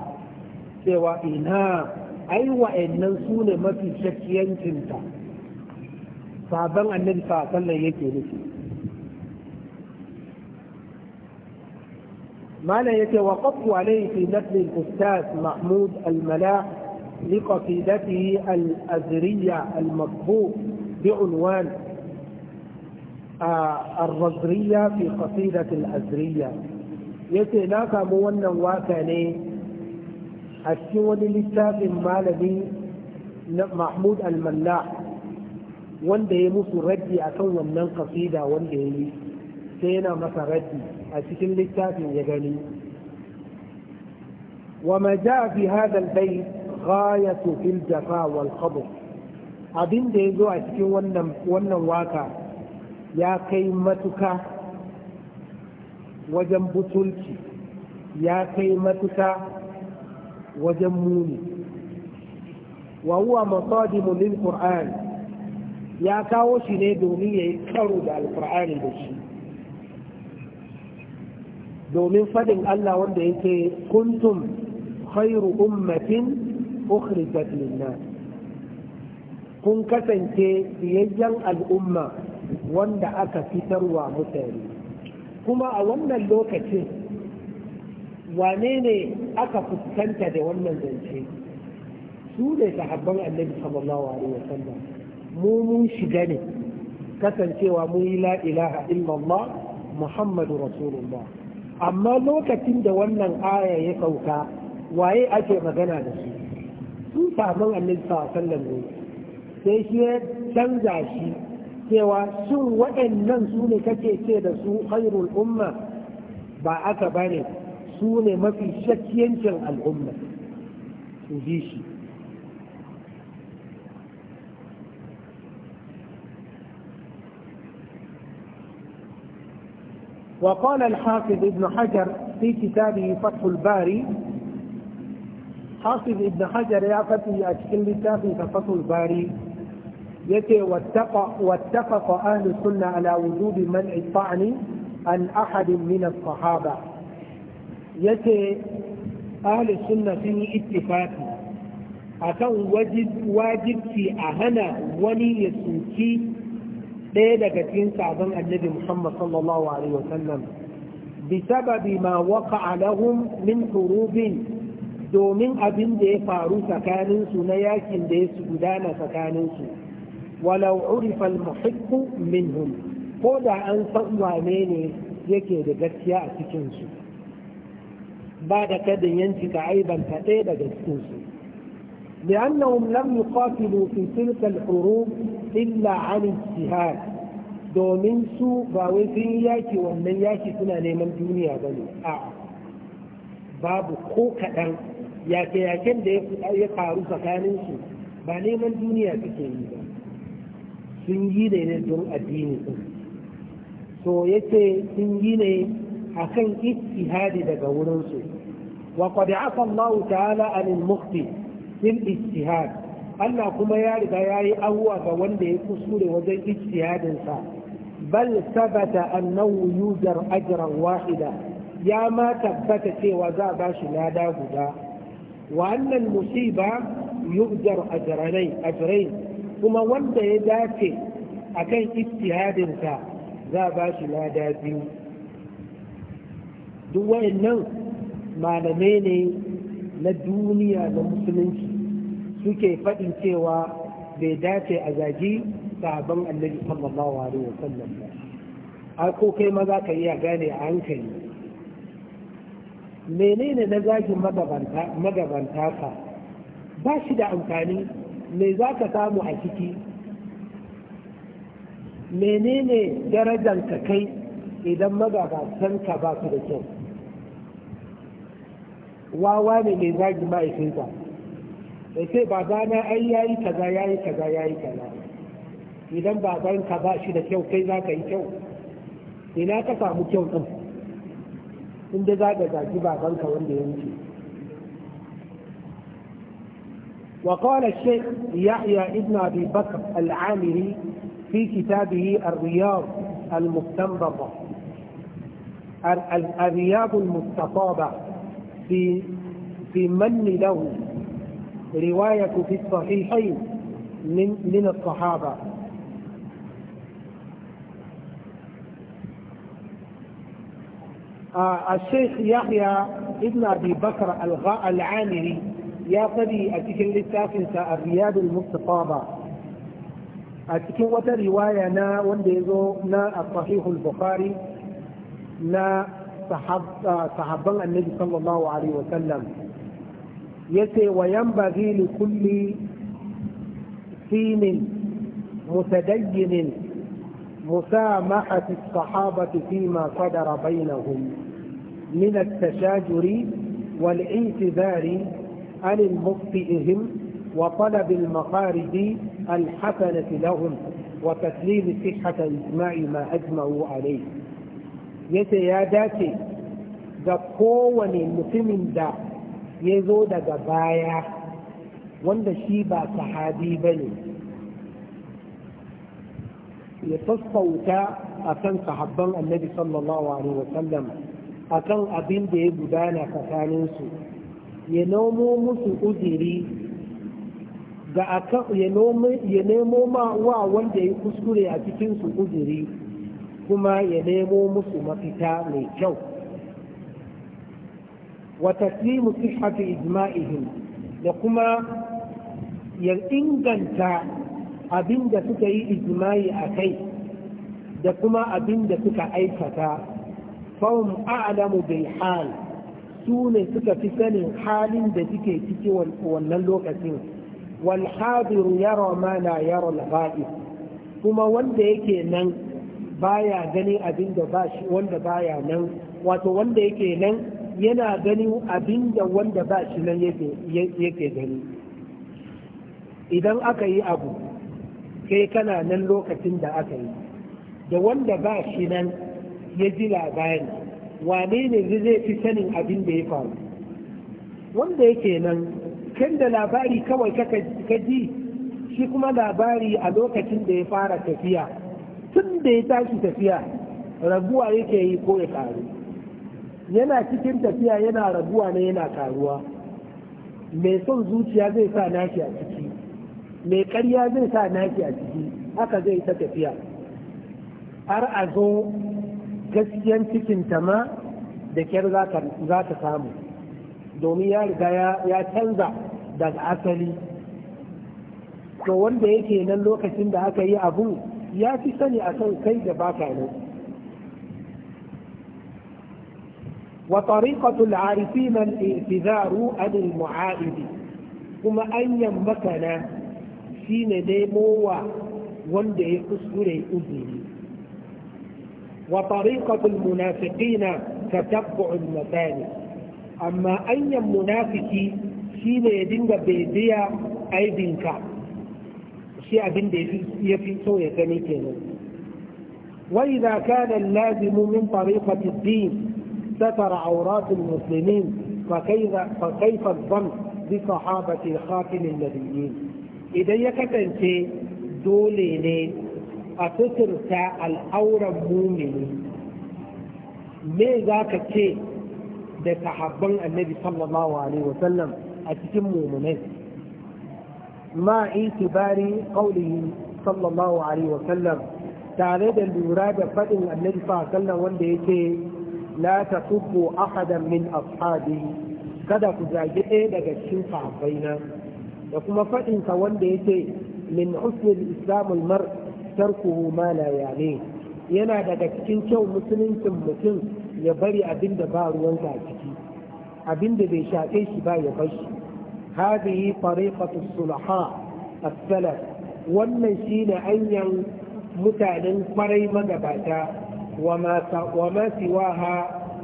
cewa ina ai wa'annan su ne mafi shakkiyancinta sabon annabi sa sallan yake nufi ما لا يتوقف عليه في مثل الاستاذ محمود الملاح لقصيدته الازريه ل بعنوان آه، الرزريه في قصيده الازريه ي د ة ا ل أ ز ر ي يتناقى مونا واكاني السور للساق المالبي محمود الملاح وانده مصر ردي أ من قصيده ص ي وانده سينا مصر ردي أتكلم كافي يقالي وما جاء في هذا البيت غاية في الجفاء والخضر أبين ديزو أتكلم ونم ونم واقع يا كيمتك وجم بطلك يا كيمتك وجموني وهو مصادم للقرآن يا كاوشي ندوني على القرآن بشيء domin fadin Allah wanda yake kuntum khairu ummatin ukhrijat lin-nas kun kasance fiyayyen al'umma wanda aka fitarwa mutane kuma a wannan lokacin wane ne aka fuskanta da wannan zance su ne sahabban annabi sallallahu alaihi wasallam mu mun shiga ne kasancewa mun yi la ilaha illallah muhammadu rasulullah amma lokacin da wannan aya ya sauka waye ake magana da su sun samun annabi sallallahu ne sai shi ya canza shi cewa shin waɗannan su ne kake ce da su khairul umma ba aka bane su ne mafi shakkiyancin al'umma su bi shi وقال الحافظ ابن حجر في كتابه فتح الباري حافظ ابن حجر يا فتي أشكل في فتح الباري يتي واتفق, واتفق أهل السنة على وجوب منع الطعن عن أحد من الصحابة يتي أهل السنة في اتفاق أكون واجب, في a ولي wani ɗaya daga cikin sabon annabi Muhammad sallallahu alaihi wasallam sababi ma waqa'a lahum min hurubin domin abin da ya faru tsakaninsu na yakin da ya su gudana tsakaninsu. walau urifa al min minhum ko da an san wane ne yake da gaskiya a cikinsu? ba da kadin yanci ka aibanta ɗaya daga cikin su لأنهم لم يقاتلوا في تلك الحروب lilla an jihad domin su ba wai sun yi yaki wannan yaki suna neman duniya ba ne a babu ko kaɗan yake-yaken da ya faru tsakaninsu ba neman duniya suke yi ba sun yi ne ne don addini ɗin so yace sun yi ne a kan istihadi daga wurinsu wa qad afa Allah ta'ala mukti mukhti fil istihad Allah kuma ya riga ya yi abuwa ga wanda ya kuskure wajen ijtihadinsa bal sabata annahu yuzar ajran wahida ya ma tabbata cewa za a bashi lada guda wa annal musiba yudar ajranai ajrain kuma wanda ya dace akan ijtihadinsa za a bashi lada biyu duk wayannan malamai ne na duniya da musulunci suke faɗin cewa bai dace a zagi sabon annabi sallallahu alaihi wasallam ba a ko kai ma za ka iya gane a hankali menene na zagin magabanta ka ba shi da amfani me za ka samu a ciki menene darajar ka kai idan ka ba su da kyau wawa ne mai zagin ma'aikinsa ya ce babana ai yayi kaza yayi kaza yayi kaza idan baban ka ba shi da kyau kai za ka yi kyau ina ka samu kyau din inda za ka zaki baban ka wanda ya wuce وقال الشيخ يحيى ابن ابي بكر العامري في كتابه الرياض المستنبطه الرياض المستطابه في في من له رواية في الصحيحين من من الصحابة آه الشيخ يحيى ابن أبي بكر العامري يا صبي أتكن للتافنسة الرياض المستطابة أتكن رواية نا ونديزو نا الصحيح البخاري نا صحاب آه، صحابا النبي صلى الله عليه وسلم yace وينبغي لكل سين متدين مسامحة الصحابة فيما صدر بينهم من التشاجر والاعتذار عن المخطئهم وطلب المخارج الحسنة لهم وتسليم صحة إجماع ما أجمعوا عليه ذاتي ذا قوة mutumin ذا ya zo daga baya wanda shi ba sahabi ba ne ya fasfauta a kan sahabban annabi sallallahu alaihi wasallam a kan abin da ya gudana tsakaninsu ya nomo musu uziri ga ya nemo ma wa wanda ya kuskure a cikinsu uziri kuma ya nemo musu mafita mai kyau wa taslimu sihhati ijma'ihim da kuma ya inganta abin da suka yi ijma'i a kai da kuma abin da suka aikata fahim a'lamu bil hal su ne suka fi sanin halin da suke ciki wannan lokacin wal hadiru yara ma la yara al kuma wanda yake nan baya ganin abin da ba shi wanda baya nan wato wanda yake nan yana ganin abin da wanda ba shi nan yake gani idan aka yi abu kai kana nan lokacin da aka yi da wanda ba shi nan ya ji labari wane ne zai fi sanin abin da ya faru wanda yake nan kan da labari kawai ka ji shi kuma labari a lokacin da ya fara tafiya tun da ya tashi tafiya raguwa yake yi ko ya ƙaru. yana cikin tafiya yana rabuwa ne yana karuwa mai son zuciya zai sa naki a ciki mai karya zai sa naki a ciki haka zai ta tafiya har a zo gaskiyan cikin tama da kyar za ta samu domin ya riga ya canza daga asali to wanda yake nan lokacin da aka yi abu ya fi sani a kan kai da baka nan وطريقة العارفين الاعتذار عن المعائد كما أن يمكن شين ديمو wanda ya kuskure uzuri wa tariqatul munafiqina tatabbu'ul matani amma anyan munafiki shine ya dinga bibiya aibinka shi abin da ya fi so ya gani kenan wa din ستر عورات المسلمين فكيف, فكيف الظن بصحابة خاتم النبيين إذا يكتن في دولين أتسر الأورى المؤمنين ما ذاك الشيء ده النبي صلى الله عليه وسلم أتكم مؤمنين ما اعتبار قوله صلى الله عليه وسلم تعالى ده لورا النبي صلى الله عليه وسلم وانده la tasubbu ahadan min ashabi kada ku zagi ɗaya daga cikin sahabbai da kuma faɗin sa wanda yake min husnul islamul mar tarkuhu ma la yani yana daga cikin kyau musuluncin mutum ya bari abinda ba ruwansa a ciki abinda da bai shafe shi ba ya bar shi hadihi tariqatu sulaha as-salaf wannan shine anyan mutanen kwarai magabata وما سواها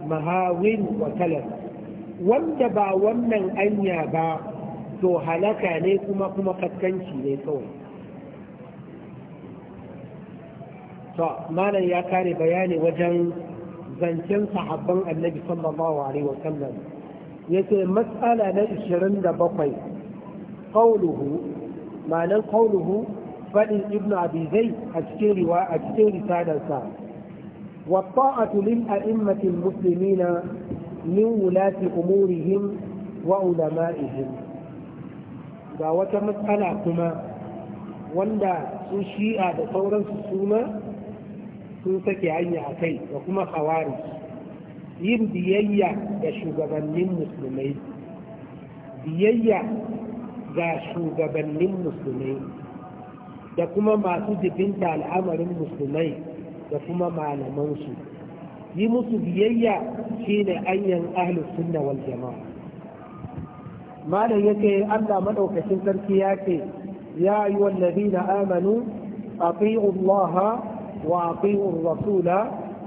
mahawin وتلف wanda ba wannan anya ba to halaka ne kuma kuma kaskanci ne kawai to malam ya kare bayani wajen zancen sahabban annabi sallallahu alaihi wa sallam yace mas'ala na 27 qawluhu ma'anar qawluhu fadin ibnu abi zaid a cikin riwa a cikin والطاعة للأئمة المسلمين من ولاة أمورهم ا ة أ م و ر ه م و أ ل م ا ئ ه م ب عيني عتي وكما خوارج يم ديايا يشوغبا من مسلمين ديايا يشوغبا من مسلمين يكما ما تجبنت على امر المسلمين da kuma malamansu yi musu biyayya shine anyan ahlus sunna wal jama'a malam yake Allah madaukakin sarki ya ce ya yi wallazina amanu ati'u Allah wa ati'u rasula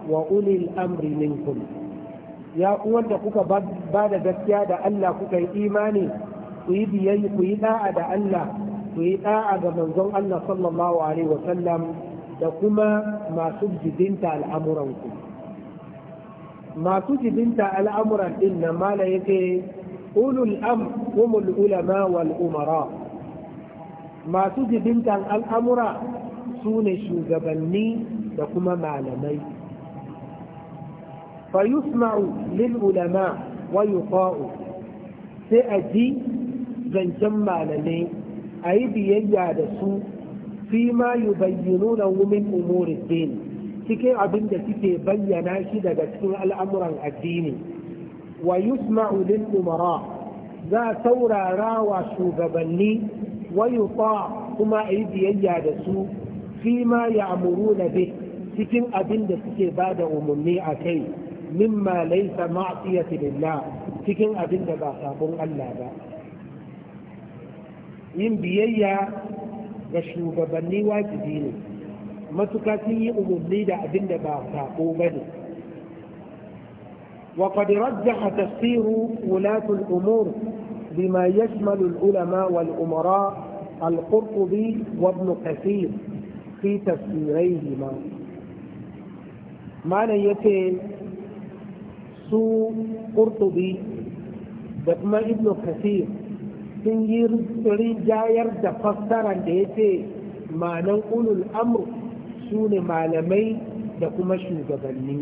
wa ulil amri minkum ya da kuka ba da gaskiya da Allah kuka yi imani ku yi biyayya ku yi da'a da Allah ku yi da'a ga manzon Allah sallallahu alaihi wa sallam da kuma masu jidinta al’amuran ku. masu jidinta al'amuran ɗin na mala yake ulul am humul ulama wal umara masu jidinta al'amura su ne shugabanni da kuma malamai fayusma'u lil ulama wa yuqa'u sai a ji zancen malamai a yi biyayya da su fi ma yubayyinuna min umuri din cikin abinda da suke bayyana shi daga cikin al'amuran addini wa yusma'u lil umara za saurara wa shugabanni wa yuta kuma ayi biyayya da su fi ma ya'muruna bih cikin abinda da suke ba da umarni a kai mimma laisa ma'siyati lillah cikin abin ba sabon Allah ba yin biyayya ga shugabanni wajibi ne matuka sun yi umarni da abin da ba sako ba ne وقد رجح تفسير ولاة الأمور بما يشمل العلماء والأمراء القرطبي وابن كثير في تفسيريهما معنى يتي سو قرطبي دقما ابن كثير sun yi rinjayar da fassara da ya ce ma'anan ulul amur su ne malamai da kuma shugabanni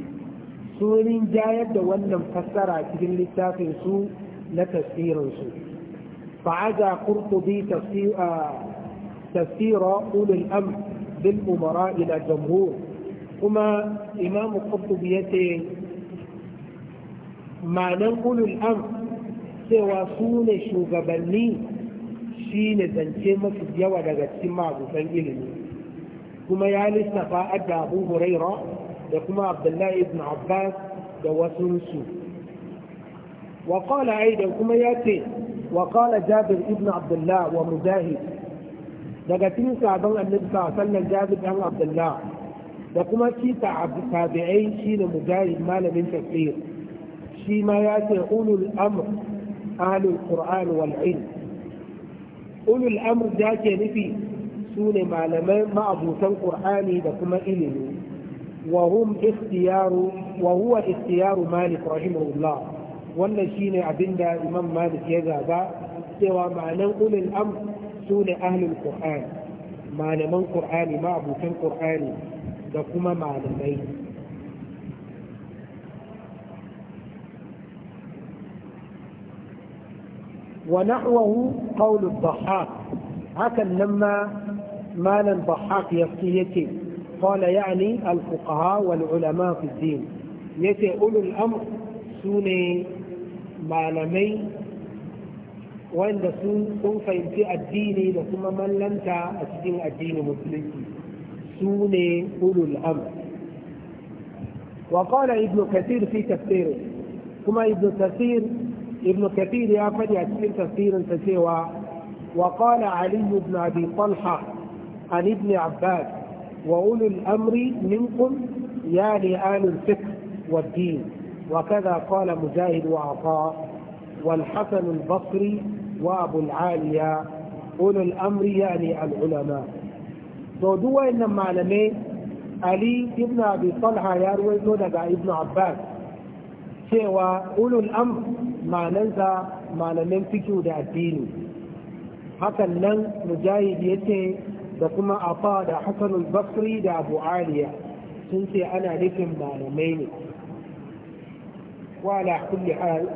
sun rinjayar da wannan fassara cikin littafin su na tasirinsu fa'aza kurkubi tasira ulul amr bil umara ila jamhur kuma imamu kurkubi ya ce manan ulul amr cewa su ne shugabanni shi ne zance mafi yawa daga cikin magusan ilimi kuma ya lissafa adda abu huraira da kuma abdullahi ibn abbas da wasunsu kuma ya ce يأتي وقال جابر ibn عبد wa ومجاهد daga cikin sabon annabi sa sallan jabir dan abdullah da kuma shi ta tabi'ai shine mujahid malamin tafsir shi ma ya ce ulul amr ahlul qur'an ulul amr da nufi su ne malamai ma'abutan qur'ani da kuma ilimi wa hum ikhtiyaru wa huwa ikhtiyaru malik rahimahullah wannan shine abinda imam malik ya zaba ma'anan ulul amr su ne ahlul qur'an malaman qur'ani ma'abutan qur'ani da kuma malamai ونحوه قول الضحاك هكا لما مال الضحاك يفتيتي قال يعني الفقهاء والعلماء في الدين يتي أولو الأمر سوني مالمي وإن دسون سوف يمتي الديني لثم من لم تأسدين الدين مثلتي سوني أولو الأمر وقال ابن كثير في تفسيره كما ابن كثير ابن كثير يا faɗi اتكلم تفسيرا tafsirinsa وقال علي بن ابي طلحه عن ابن عباس واولي الامر منكم يا amri الفكر والدين وكذا قال مجاهد وعطاء والحسن البصري وابو العالية أولو الأمر يعني العلماء دودوا إن معلمين علي ابن أبي طلحة يروي دودة ابن عباس سوى أولو الأمر ma'anansa malamin fikiyu da addini hakan nan mujahid ya ce da kuma afa da hasanul basri da abu aliya sun ce ana nufin malamai ne wala kulli hal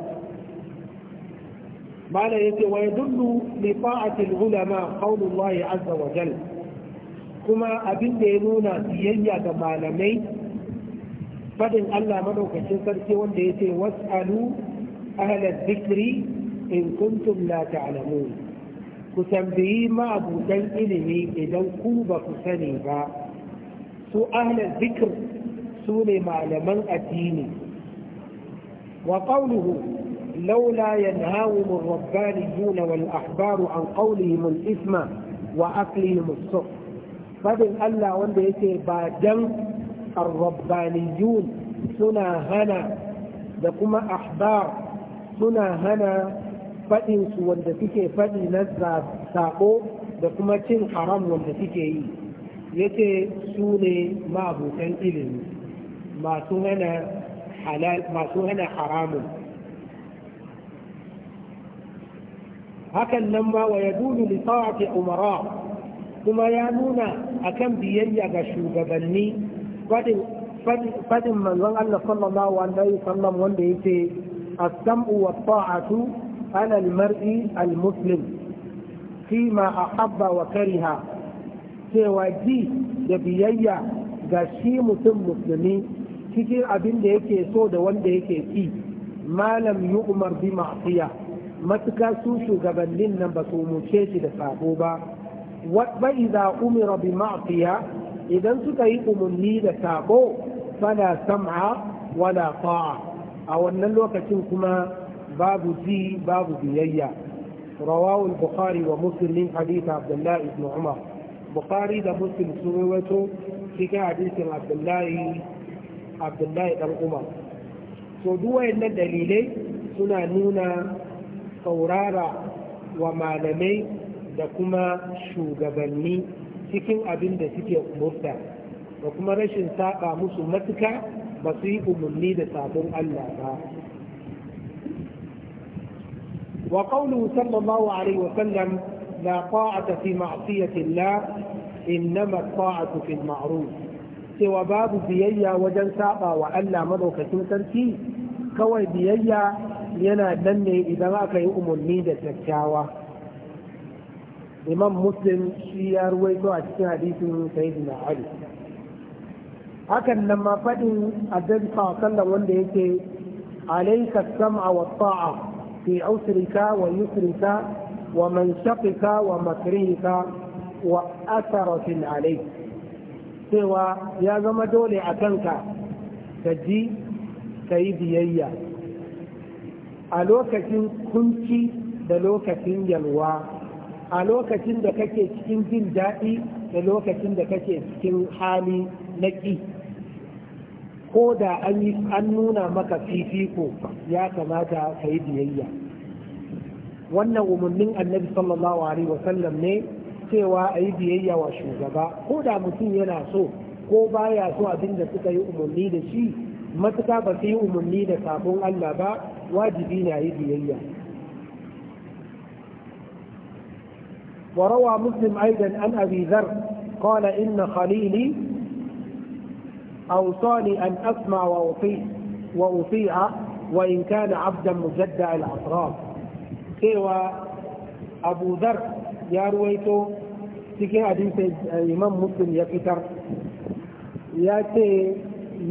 mala yace wa yadullu li ta'ati ulama qaulullahi azza wa jalla kuma abin da ya nuna biyayya ga malamai fadin Allah madaukakin sarki wanda yace was'alu أهل الذكر إن كنتم لا تعلمون كتنبيه ما أبو دن إلمي إذا كوبا كسنيبا سو أهل الذكر سوني معلما الدين وقوله لولا ينهاهم الربانيون والأحبار عن قولهم الإثم وأكلهم السخط فبن ألا وانده يتي بادن الربانيون سنا هنا دكما أحبار suna hana faɗinsu wanda suke faɗi na sako da kuma cin haram wanda suke yi yake su ne ma'abutan ilimi masu hana haramun hakan nan ba wa yadudu li ta'ati umara kuma ya nuna akan biyayya ga shugabanni fadin manzon Allah sallallahu alaihi wasallam wanda yake السمع والطاعة على المرء المسلم فيما أحب وكره سواجي ga shi mutum musulmi cikin abin da yake so da wanda yake ki malam yi umar bi ma'asiya matuka su shugabannin nan ba su umurce shi da sabo ba wa idza umira bi ma'asiya idan suka yi umarni da sabo fala sam'a wala ta'a a wannan lokacin kuma babu ji babu biyayya rawawul Bukhari wa من حديث Abdullahi الله بن عمر بخاري ده مسلم سويته في حديث عبد الله na dalilai suna nuna saurara wa malamai da kuma shugabanni cikin abin da suke murta da kuma rashin saƙa musu matuka ba su yi umarni da sabon Allah ba wa qawluhu sallallahu alaihi wa sallam la ta'ata fi ma'siyati Allah innama ta'atu fil ma'ruf cewa babu biyayya wajen saba wa Allah madaukakin sarki kawai biyayya yana dan ne idan aka yi umarni da kyakkyawa imam muslim shi ya ruwaito a cikin hadisin sayyidina ali hakan nan ma faɗin annabi sallallahu wanda yake alayka sam'a wa ta'a fi usrika wa yusrika wa shaqika wa makrihika wa atharatin alayk cewa ya zama dole a kanka ka ji ka yi biyayya a lokacin kunci da lokacin yalwa a lokacin da kake cikin jin daɗi da lokacin da kake cikin hali na ƙi ko da an nuna maka fifiko ya kamata ka yi biyayya wannan umarnin annabi sallallahu alaihi wasallam ne cewa a yi biyayya wa shugaba ko da mutum yana so ko baya so abin da suka yi umarni da shi matuka ba su yi umarni da sabon Allah ba wajibi na yi biyayya وروى مسلم أيضا عن أبي ذر قال إن خليلي أوصاني أن أسمع وأطيع, واطيع وان كان عبدا مجدع الأطراف. ل أ ط ر ا ف سوى أ ب ذر يا رويتو سكي حديث الامام مسلم يا كتر يا تي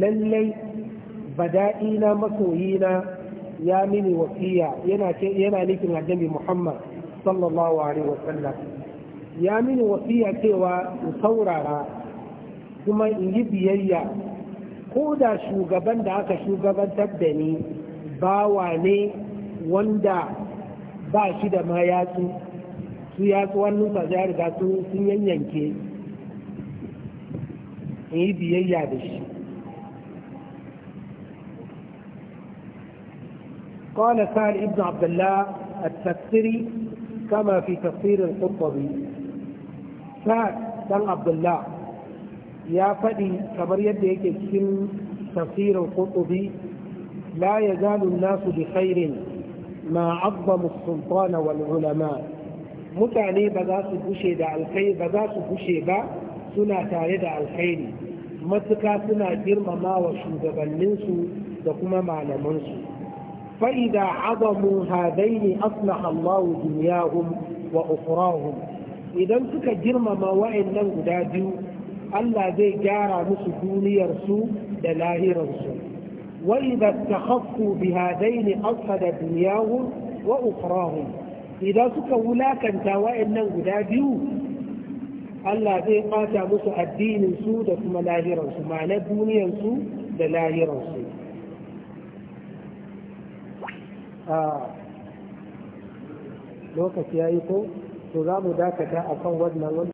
للي بدائينا مسوينا يا مني وفيا يا ليك من النبي محمد صلى الله عليه وسلم يا مني وفيا سوى ثورنا kuma in yi biyayya ko da shugaban da aka shugabantar da ni bawa ne wanda ba shi da ma yatsu su yatsu wannan ba ya riga sun yanyanke in yi biyayya da shi قال سهل ابن عبد الله التفسيري كما في تفسير القطبي سهل بن عبد الله ya faɗi kamar yadda yake cikin tafsirin kutubi la ya zalu nasu bi khairin ma abba musulmana wal ulama mutane ba za su gushe da alkhairi ba za su gushe ba suna tare da alkhairi matuka suna girmama wa shugabanninsu da kuma malamansu fa'ida azamu hadaini aslaha Allahu dunyahum wa ukhrahum idan suka girmama wa'annan guda biyu Allah zai gyara musu duniyarsu da lahirarsu وإذا استخفوا بهذين أصهد دنياهم وأخراهم إذا سكوا لا كان تواء النوم لا بيو ألا ذي قاتا مسو الدين سودة ملاهرا معنى الدنيا سو دلاهرا سو لوكت يا إيكو تغام ذاك تاء أكون ودنا